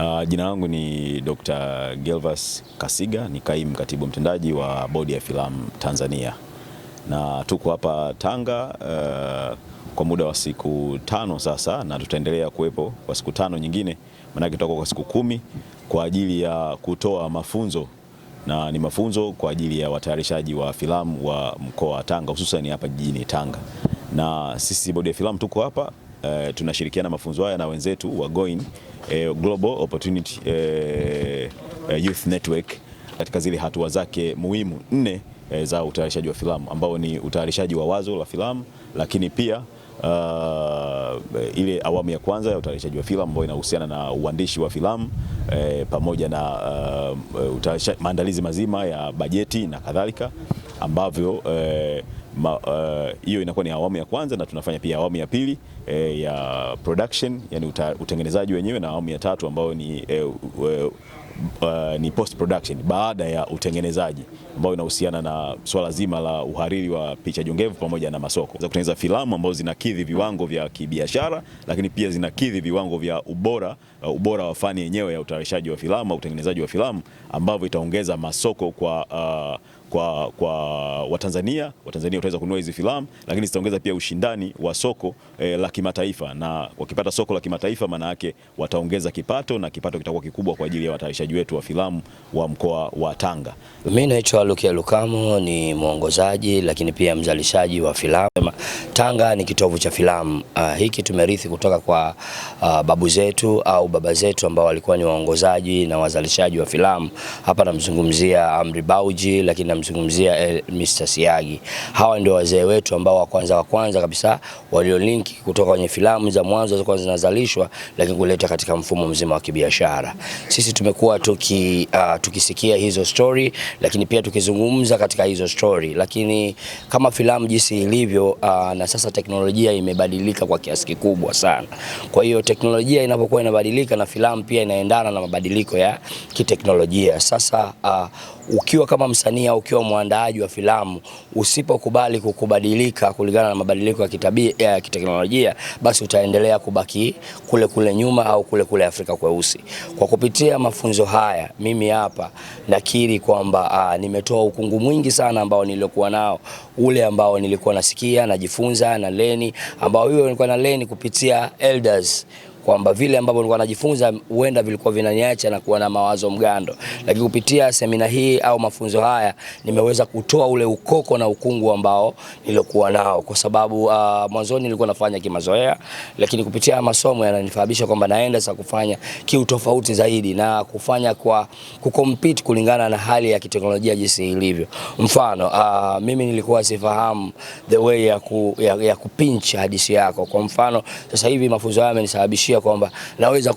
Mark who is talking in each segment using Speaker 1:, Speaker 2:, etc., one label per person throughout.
Speaker 1: Uh, jina langu ni Dr. gelvas Kasiga, ni kaimu katibu mtendaji wa Bodi ya Filamu Tanzania, na tuko hapa Tanga uh, kwa muda wa siku tano sasa, na tutaendelea kuwepo kwa siku tano nyingine, maanake tutakuwa kwa siku kumi kwa ajili ya kutoa mafunzo, na ni mafunzo kwa ajili ya watayarishaji wa filamu wa mkoa wa Tanga, hususan hapa jijini Tanga, na sisi Bodi ya Filamu tuko hapa Eh, tunashirikiana mafunzo haya na wenzetu wa GOIN uh, eh, Global Opportunity uh, Youth Network katika zile hatua zake muhimu nne uh, za utayarishaji wa filamu ambao ni utayarishaji wa wazo la filamu, lakini pia Uh, ile awamu ya kwanza ya utayarishaji wa filamu ambayo inahusiana na uandishi wa filamu eh, pamoja na uh, maandalizi mazima ya bajeti na kadhalika ambavyo eh, Uh, hiyo uh, inakuwa ni awamu ya kwanza na tunafanya pia awamu ya pili eh, ya production yani uta, utengenezaji wenyewe na awamu ya tatu ambayo ni eh, uh, Uh, ni post production baada ya utengenezaji ambao inahusiana na swala zima la uhariri wa picha jongevu pamoja na masoko za kutengeneza filamu ambazo zinakidhi viwango vya kibiashara, lakini pia zinakidhi viwango vya ubora uh, ubora wa fani yenyewe ya utayarishaji wa filamu au utengenezaji wa filamu ambavyo itaongeza masoko kwa uh, kwa, kwa Watanzania. Watanzania wataweza kunua hizi filamu, lakini zitaongeza pia ushindani wa soko e, la kimataifa, na wakipata soko la kimataifa, maana yake wataongeza kipato na kipato kitakuwa kikubwa kwa ajili ya watayarishaji wetu wa filamu wa mkoa wa Tanga.
Speaker 2: Mimi naitwa Lukia Lukamo, ni mwongozaji lakini pia mzalishaji wa filamu. Tanga ni kitovu cha filamu. Uh, hiki tumerithi kutoka kwa uh, babu zetu au baba zetu ambao walikuwa ni waongozaji na wazalishaji wa filamu. Hapa namzungumzia Amri Bauji lakini namzungumzia eh, Mr. Siagi. Hawa ndio wazee wetu ambao wa kwanza wa kwanza kabisa waliolinki kutoka kwenye filamu za mwanzo zilikuwa zinazalishwa, lakini kuleta katika mfumo mzima wa kibiashara. Sisi tumekuwa tuki, uh, tukisikia hizo story, lakini pia tukizungumza katika hizo story, lakini kama filamu jinsi ilivyo, uh, na sasa teknolojia imebadilika kwa kiasi kikubwa sana. Kwa hiyo teknolojia inapokuwa inabadilika na filamu pia inaendana na mabadiliko ya kiteknolojia. Sasa uh, ukiwa kama msanii au ukiwa mwandaaji wa filamu usipokubali kukubadilika kulingana na mabadiliko ya kitabia ya kiteknolojia, basi utaendelea kubaki kule kule nyuma au kule kule Afrika kweusi. Kwa kupitia mafunzo haya, mimi hapa nakiri kwamba ah, nimetoa ukungu mwingi sana ambao nilikuwa nao, ule ambao nilikuwa nasikia najifunza na leni, ambao hiyo nilikuwa na leni kupitia elders kwamba vile ambavyo nilikuwa najifunza huenda vilikuwa vinaniacha na kuwa na mawazo mgando, lakini kupitia semina hii au mafunzo haya nimeweza kutoa ule ukoko na ukungu ambao nilikuwa nao, kwa sababu uh, mwanzoni nilikuwa nafanya kimazoea, lakini kupitia masomo yananifahamisha kwamba naenda sasa kufanya kiu tofauti zaidi na kufanya kwa kukompete kulingana na hali ya kiteknolojia jinsi ilivyo. Mfano uh, mimi nilikuwa sifahamu the way ya, ku, ya, ya kupincha hadisi yako. Kwa mfano sasa hivi mafunzo haya yamenisababishia kuhakikisha kwamba naweza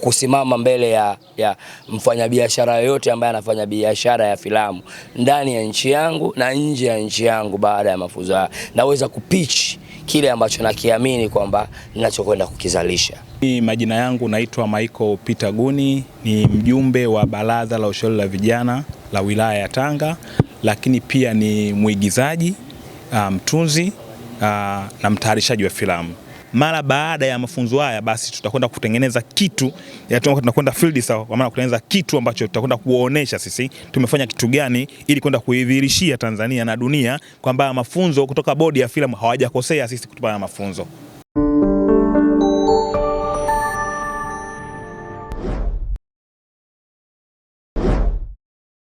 Speaker 2: kusimama mbele ya, ya mfanyabiashara yoyote ambaye anafanya biashara ya filamu ndani ya nchi yangu na nje ya nchi yangu. Baada ya mafunzo haya naweza kupitch kile ambacho nakiamini kwamba ninachokwenda kukizalisha.
Speaker 3: Ni majina yangu naitwa Michael Peter Guni, ni mjumbe wa Baraza la Ushauri la Vijana la Wilaya ya Tanga, lakini pia ni mwigizaji, ah, mtunzi ah, na mtayarishaji wa filamu mara baada ya mafunzo haya, basi tutakwenda kutengeneza kitu ya tunakwenda field sawa, kwa maana kutengeneza kitu ambacho tutakwenda kuonesha sisi tumefanya kitu gani, ili kwenda kuidhihirishia Tanzania na dunia kwamba mafunzo kutoka bodi ya filamu hawajakosea sisi kutupa mafunzo.